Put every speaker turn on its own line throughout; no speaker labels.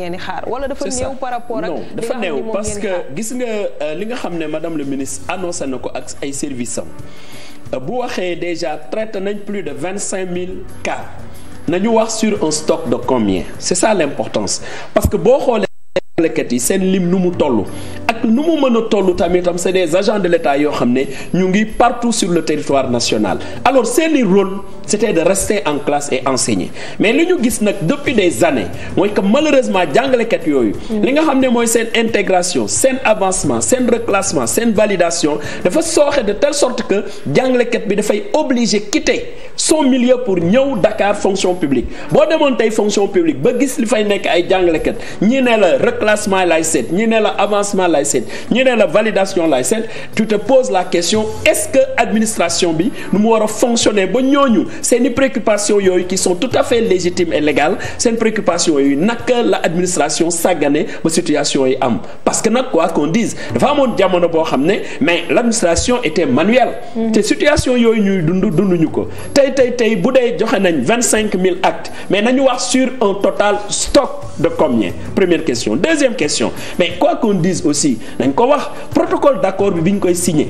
ngeen di xaar wala dafa néew par rapport ak. dafa néew parce que
gis nga euh, li nga xam ne madame le ministre annoncé na ko ak ay services am euh, bu waxee déjà traité nañ plus de vingt cinq mille cas nañu wax sur un stock de combien c'est ça l'importance parce que boo xoolee. jàngalekat yi seen lim nu mu toll ak nu mu mën a tamitam c'est des agents de l'État yoo xam ne ñu ngi partout sur le territoire national alors seeni rôle c'était de rester en classe et enseigner mais li ñu gis nag depuis des années mooy que malheureusement jàngalekat yooyu mm. li nga xam ne mooy seen intégration seen avancement seen reclassement seen validation dafa sooxe de telle sorte que jàngalekat bi dafay obligé quitter son millier pour ñëw Dakar fonction publique classement lay seet ñi ne la avancement lay seet ñi ne la validation lay seet tu te poses la question est-ce que administration bi nu mu war a fonctionner ba ñooñu seen préoccupation yooyu qui sont tout à fait légitimes et légales seen préoccupation yooyu naka la administration sàggane ba situation yi am parce que nag quoi qu'on dafa amoon jamono boo xam ne mais l'administration était manuelle mm. te situation yooyu ñuy dund dunduñu ko tey tey tey bu dee joxe nañ vingt cinq mille actes mais nañu wax sur un total stock de combien deuxième question mais quoi qu'on dise aussi nañ ko wax protocole d'accord bi bi ñu koy signé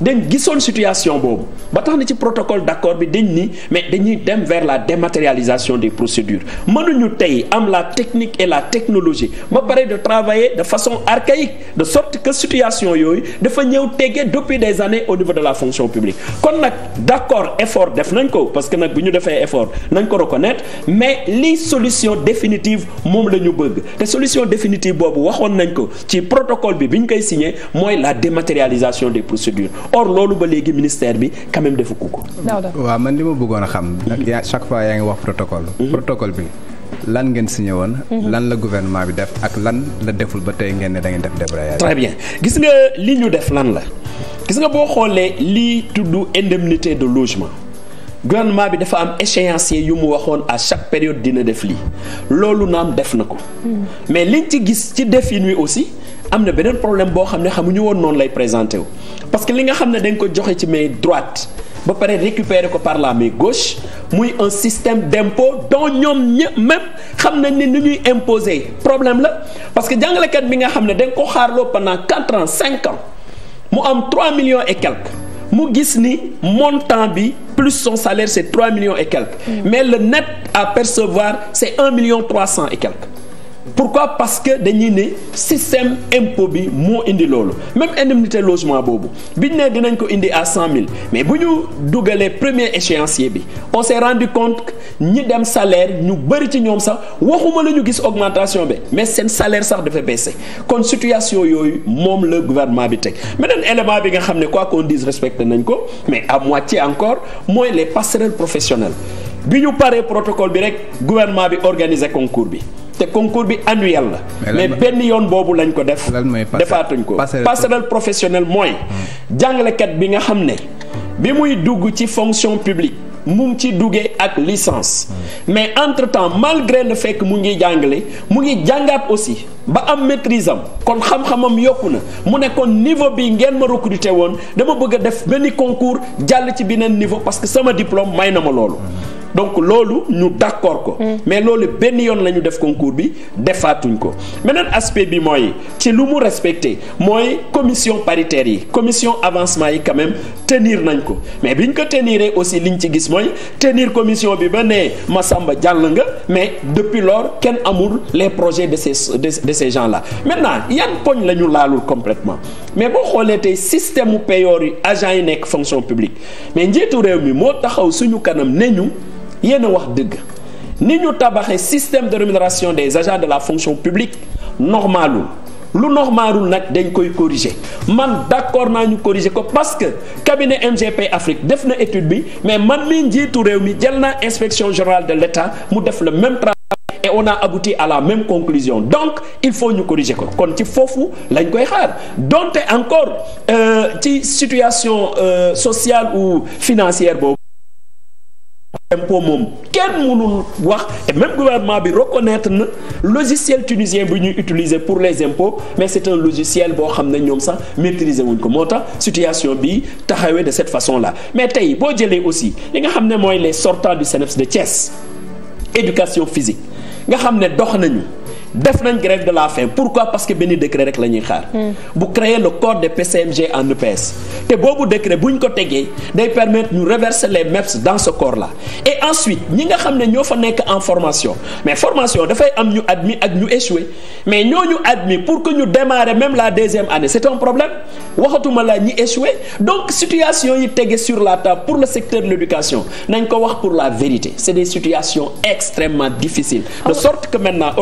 dañ gisoon situation boobu ba tax na ci protocole d'accord bi dañ nii mais dañuy dem vers la dématérialisation des procédures mënuñu tey am la technique et la technologie ba pare de travailler de façon archaïque de sorte que situation yooyu dafa ñëw tege depuis des années au niveau de la fonction publique kon nag d'accord effort def nañ ko parce que nag bu ñu defee effort nañ ko reconnaître mais li solution définitive moom la ñu bëgg te solution définitive boobu waxoon nañ ko ci protocole bi bi ñu koy signé mooy la dématérialisation des procédures or loolu ba léegi ministère bi quand même defu ko.
waaw man li ma bëggoon a xam. ndax yaa chaque fois yaa ngi wax protocole. Mhm. protocole bi. lan ngeen signé woon. Mhm. lan la gouvernement
bi def ak lan la deful ba tey ngeen ne da ngeen def débrayage. très bien gis nga li ñu def lan la gis nga boo xoolee lii tudd indemnité de logement gouvernement bi dafa am échéancier yi mu waxoon à chaque période dina def lii loolu naam def na ko. Mhm. mais liñ ci gis ci defin wi aussi. am na beneen problème boo xam ne xamuñu woon noonu lay présenté wu parce que li nga xam ne dañ ko joxe ci main droite ba pare récupérer ko par la main gauche muy un système d'impôt dont ñoom ñëpp même xam nañ ne ni ñuy imposer problème la parce que jàngalekat bi nga xam ne dañ ko xaarloo pendant quatre ans cinq ans mu am trois millions et quelques mu gis ni montant bi plus son salaire c'est trois millions et quelques. Mm. mais le net à percevoir c'est un million trois cent et pourquoi parce que dañuy ni système impôt bi moo indi loolu même indemnité logement boobu biñ ne dinañ ko indi à cent mille mais bu ñu dugalee premier échéancier bi on s'est rendu compte ñi dem salaire ñu bëri ci ñoom sax waxuma la ñu gis augmentation bi mais seen salaire sax dafa baissé kon situation yooyu moom la gouvernement bi teg beneen élément bi nga xam ne quoi qu'on dise respecté nañ ko mais à moitié encore mooy les passerelles professionnelles bi ñu paree protocole bi rek gouvernement bi organiser concours bi te concours bi annuel la. mais benn yoon boobu lañ ko def. defaatuñ ko passerelle professionnelle mooy. Hmm. jàngalekat bi nga xam ne. bi muy dugg ci fonction publique mu ngi ci duggee ak licence. Hmm. mais entre temps malgré le fait que mu ngi jàngale mu ngi jàngaat aussi ba am maîtrise kon xam-xamam yokku na mu ne kon niveau bi ngeen ma recruter woon dama bëgg def benn concours jàll ci beneen niveau parce que sama diplôme may na ma loolu. Hmm. donc loolu ñu d'accord ko. Mm. mais loolu benn yoon la ñu def concours bi defaatuñ ko. meneen aspect bi mooy ci lu mu respecté mooy commission paritaire yi commission avancement yi quand même tenir nañ ko mais biñ ko teniree aussi li ñu ci gis mooy tenir commission bi ba nee Massamba jàll nga mais depuis lors kenn amul les projet de ces de, de ces gens là maintenant yan poñ la ñu laalul complètement mais boo xoolee tey système mu payoor yi agent yi nekk fonction publique mais njiitu réew mi moo taxaw suñu kanam ne ñu yéen a wax dëgg ni ñu tabaxee système de rémunération des agents de la fonction publique normalul lu normalul nag dañ koy corriger man d'accord naa ñu corriger ko parce que cabinet MGP Afrique def na étude bi mais man mii njiitu réew mi jël na inspection générale de l'État mu def la même travail et on a abouti à la même conclusion donc il faut ñu corriger ko kon ci foofu lañ koy xaar donte encore euh, ci situation euh, sociale ou financière boobu. impôt moom kenn mënul wax et même gouvernement bi reconnaître na logiciel tunisien bi ñuy utiliser pour les impôts mais c'est un boo xam ne ñoom sax maîtriser wuñ ko moo tax situation bi taxawee de cette façon la mais tey boo jëlee aussi li nga xam ne mooy les sortants du CNEPS de Thiès éducation physique nga xam ne dox nañu def nañ grève de la faim pourquoi parce que benn décret rek la ñuy xaar. Hmm. bu créer le corps des PCMG en EPS. te boobu décret bu ñu ko tegee day permettre ñu reverser les MEPS dans ce corps la et ensuite ñi nga xam ne ñoo fa nekk en formation mais formation dafay am ñu admis ak ñu échoué mais ñoo ñooñu admis pour que ñu démarrer même la deuxième année c'est un problème waxatuma la ñi échoué donc situation yi tege sur la table pour le secteur de l'éducation nañ ko wax pour la vérité c'est des situations extrêmement difficiles de ah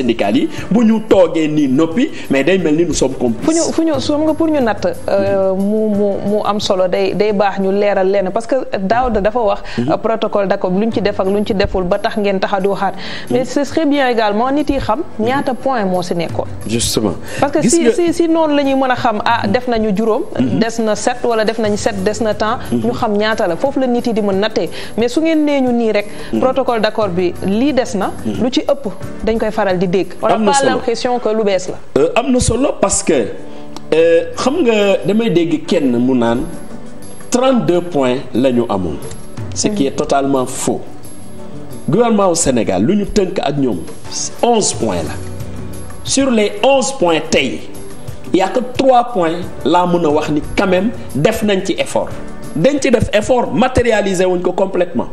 syndicales yi bu ñu toogee nii noppi mais day mel ni nous sommes complices. fu
ñu fu ñu pour ñu natt euh, mu mu mu am solo day day baax ñu leeral leen parce que daaw dafa wax. Mhm. protocole d'accord lu ñu ci def ak lu ñu ci deful ba tax ngeen tax a di waxaat. Mhm. mais ce serait bien également nit yi xam ñaata point moo si noonu la ñuy mën a xam ah mhm. def nañu juróom. des na set wala def nañu set des na temps. ñu xam ñaata la foofu la nit yi di mën nattee mais su ngeen nee ñu nii rek. protocole d'accord bi lii des na. lu ci ëpp dañ koy faral di dégg. on n'a pas l'impression que lu bees
euh, am na solo parce que euh, xam nga damay dégg kenn mu naan 32 points la ñu amoon. ce qui est totalement faux. gouvernement au Sénégal lu ñu tënk ak ñoom 11 points la sur les 11 points tey y a que points laa mun a wax ni quand def nañ ci effort. dañ ci def effort matérialiser wuñ ko complètement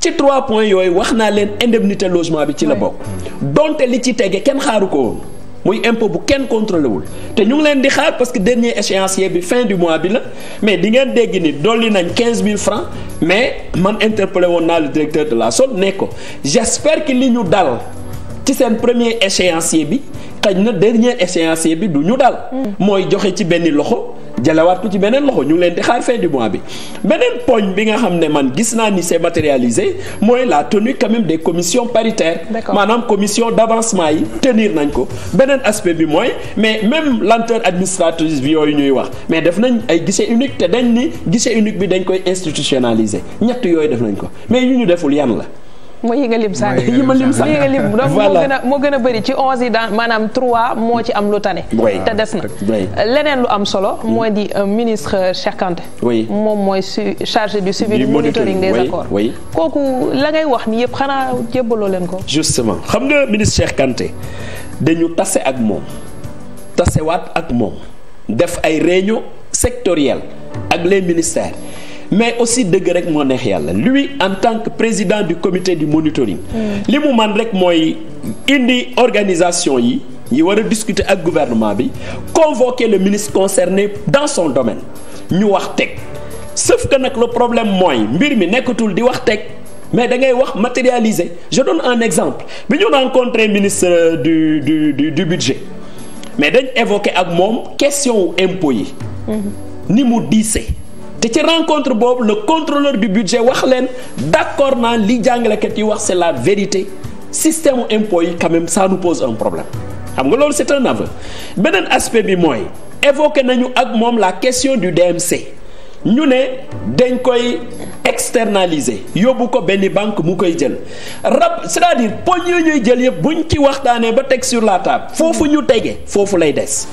ci trois points yooyu wax naa leen indemnité logement bi ci la bokk donte li ci tege kenn xaaru ko woon muy impôt bu kenn contrôlé wul te ñu ngi leen di xaar parce que dernier échéancier bi fin du mois bi la mais di ngeen dégg ni dolli nañ 15000 francs mais man interpellé woon naa le directeur de la SOL ne ko j'espère que li ñu dal ci seen premier échéancier bi xëy na dernier échéancier bi du ñu dal. Mm. mooy joxe ci benn loxo. jëlawaat ko ci beneen loxo ñu ngi leen di xaar fin du bi beneen poñ bi nga xam ne man gis naa ni se matérialisé mooy la tenue quand même des commissions paritaires maanaam commission d'avancement yi tenir nañ ko beneen aspect bi mooy mais même lanteur administrative bi yooyu ñuy wax mais def nañ ay guichet unique te dañ ni guichet unique bi dañ koy institutionnaliser ñett yooyu def nañ ko mais yu ñu deful yan la
mooy yi nga lim sànq yi ma lim sànq yi moo gën a moo gën a bëri ci onze yi daan maanaam trois moo ci am lu tane te des na leneen lu am solo mooy di euh, ministre Cheikh Kanté moom mooy su chargé du suivi du monitoring des accords kooku la ngay wax ni yëpp xanaa jébbaloo leen ko justement xam nga ministre Cheikh kante
dañu tase ak moom tasewaat ak moom def ay réunion sectorielle ak les ministères mais aussi dëgg rek moo neex yàlla lui en tant que président du comité du monitoring. Mm. li mu man rek mooy indi organisation yi yi war a discuter ak gouvernement bi convoquer le ministre concerné dans son domaine ñu wax teg sauf que nag la problème mooy mbir mi nekkatul di wax teg. mais da ngay wax matérialiser je donne un exemple bi ñu rencontré ministre du du du du budget mais dañ évoqué ak moom question wu impôt yi.
Mm-hmm.
ni mu diisee. te ci rencontre boobu le contrôleur du budget wax leen d'accord naa li jàngalekat yi wax c'est la vérité système impôt yi quand saa nu nous pose un problème xam nga loolu c'est un beneen aspect bi mooy évoqué nañu ak moom la question du DMC ñu ne dañ koy externaliser yóbbu ko benn banque mu koy jël rab c'est-à-dire poñ yooyu ñuy jël yëpp buñ ci waxtaanee ba teg sur la table foofu ñu tege foofu lay des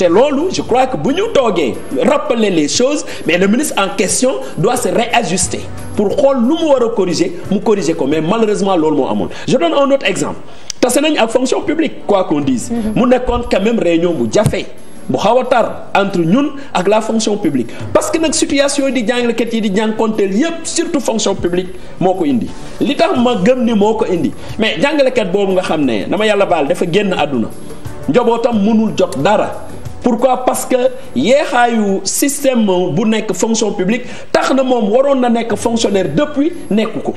te loolu je crois que bu ñu toogee rappeler les choses mais le ministre en question doit se réajuster pour xool lu mu war a corriger mu corriger ko mais malheureusement loolu moo amul je donne un autre exemple tase nañ ak fonction publique quoi qu'on dise mhm. mu nekkoon quand même réunion bu jafe bu xaw a tar entre ñun ak la fonction publique parce que nag situation di jàngalekat yi di jànkonteel yépp surtout fonction publique moo ko indi li tax ma gëm ni moo ko indi mais jàngalekat boobu nga xam ne dama yàlla baal dafa génn àdduna dara pourquoi parce que yéexaayu système bu nekk fonction publique tax na moom waroon na nekk fonctionnaire depuis nekku ko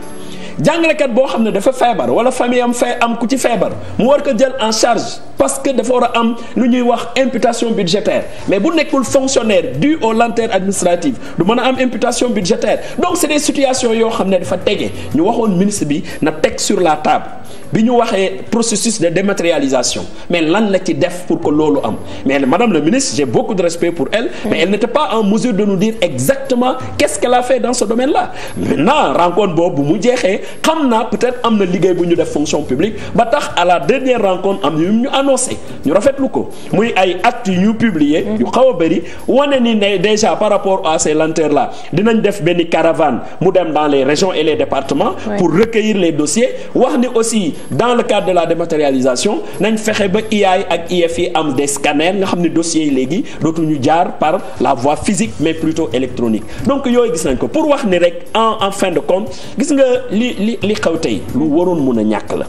jàngalekat boo xam ne dafa feebar wala famille am fee am ku ci feebar mu war ko jël en charge parce que dafa war a am lu ñuy wax imputation budgétaire mais bu nekkul fonctionnaire du aux lenteurs administratives du mën a am imputation budgétaire donc c'est des situation yoo xam ne dafa tegee ñu waxoon ministre bi na teg sur la table bi ñu waxee processus de dématérialisation mais lan la ci def pour que loolu am mais madame la ministre j'ai beaucoup de respect pour elle mais elle n'était pas en mesure de boobu mu jeexee xam naa peut-être am na liggéey bu ñu def fonction publique ba tax à la dernière rencontre am yu ñu annoncé ñu rafetlu ko muy ay at yu ñu publier mhm. yu xaw a bëri wane ni ne déjà par rapport à ces la là dinañ def benn caravane mu dem dans les régions et les départements pour recueillir les dossiers wax ni aussi dans le cadre de la dématérialisation nañ fexe ba IAAY ak IEF yi am des scanners nga xam ne dossiers yi léegi dootu ñu jaar par la voie physique mais plutôt électronique li li li xaw tey lu waroon mun a ñàkk la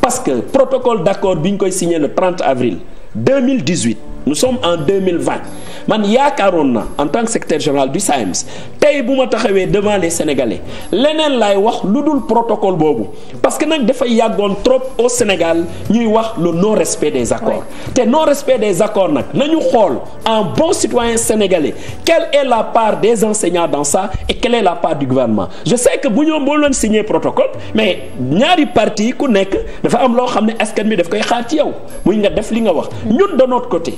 parce que protocole d'accord bi ñu koy signé le 30 avril 2018 nous sommes en 2020 man yaakaaroon na en tant que secrétaire général du SAEMS tey bu ma taxawee devant les Sénégalais leneen laay wax lu dul protocole boobu parce que nag dafay yàggoon trop au Sénégal ñuy wax le non respect des accords te non respect des accords nag nañu xool en bon citoyen sénégalais quelle est la part des enseignants dans ça et quelle est la part du gouvernement je sais que bu ñoom boo leen signé protocole mais ñaari parti ku nekk dafa am loo xam ne askan bi daf koy xaar ci yow muy nga def li nga wax ñun de notre côté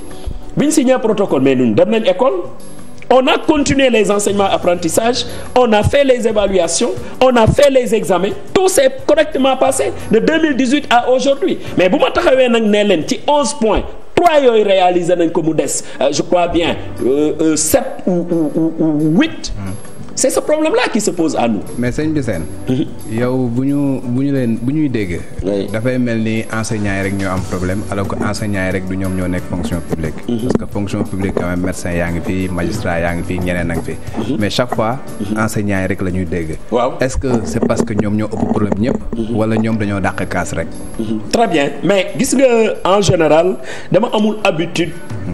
bi ñu signé protocole mais ñun dem nañ école on a continué les enseignements apprentissage on a fait les évaluations on a fait les examens tout s'est correctement passé de 2018 à aujourd'hui mais bu ma taxawee nag nee leen ci 11 points. trois yooyu réalisé nañ ko mu des euh, je crois bien euh, euh, sept ou ou ou huit. c'est ce problème là qui se pose à mais sëñ bi seen. Mhm. yow bu ñu bu ñu leen bu ñuy dégg. dafay mel ni enseignants yi rek ñoo am problème alors que enseignants yi rek du ñoom ñoo nekk fonction publique. Mhm. parce que fonction publique quand même médecin yaa ngi fi magistrat
yaa ngi fi ñeneen a ngi fi. Mhm. mais chaque fois enseignants yi rek la dégg. est-ce que c'est parce que ñoom ñoo ëpp problème ñëpp. wala ñoom dañoo dàq kaas rek.
très bien mais gis nga en général dama amul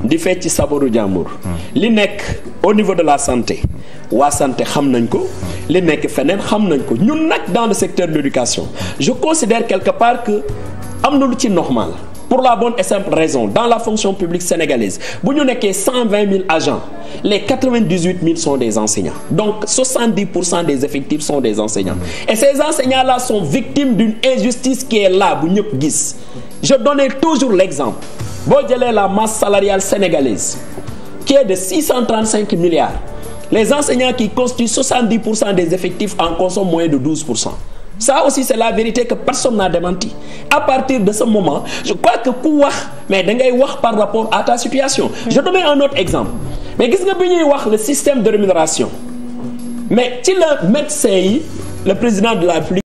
di ci sabaru jàmbur. li nekk au niveau de la santé waa santé xam nañ ko. li nekk feneen xam nañ ko ñun nag dans le secteur de l'éducation je considère quelque part que am na lu ci normal pour la bonne et simple raison dans la fonction publique sénégalaise bu ñu nekkee cent vingt mille agents les quatre vingt dix huit mille sont des enseignants donc soixante dix pour cent des effectifs sont des enseignants et ces enseignants là sont victimes d'une injustice qui est là bu ñëpp gis je donnais toujours l'exemple boo jëlee la masse salariale sénégalaise qui est de 635 milliards les enseignants qui constituent 70 pour cent des effectifs en consomment moins de 12 pour cent ça aussi c'est la vérité que personne n'a à partir de ce moment je que ku wax mais da wax par rapport à ta situation je te mets exemple mais gis nga bi ñuy wax
le système de rémunération mais ci la médecin yi le président de la République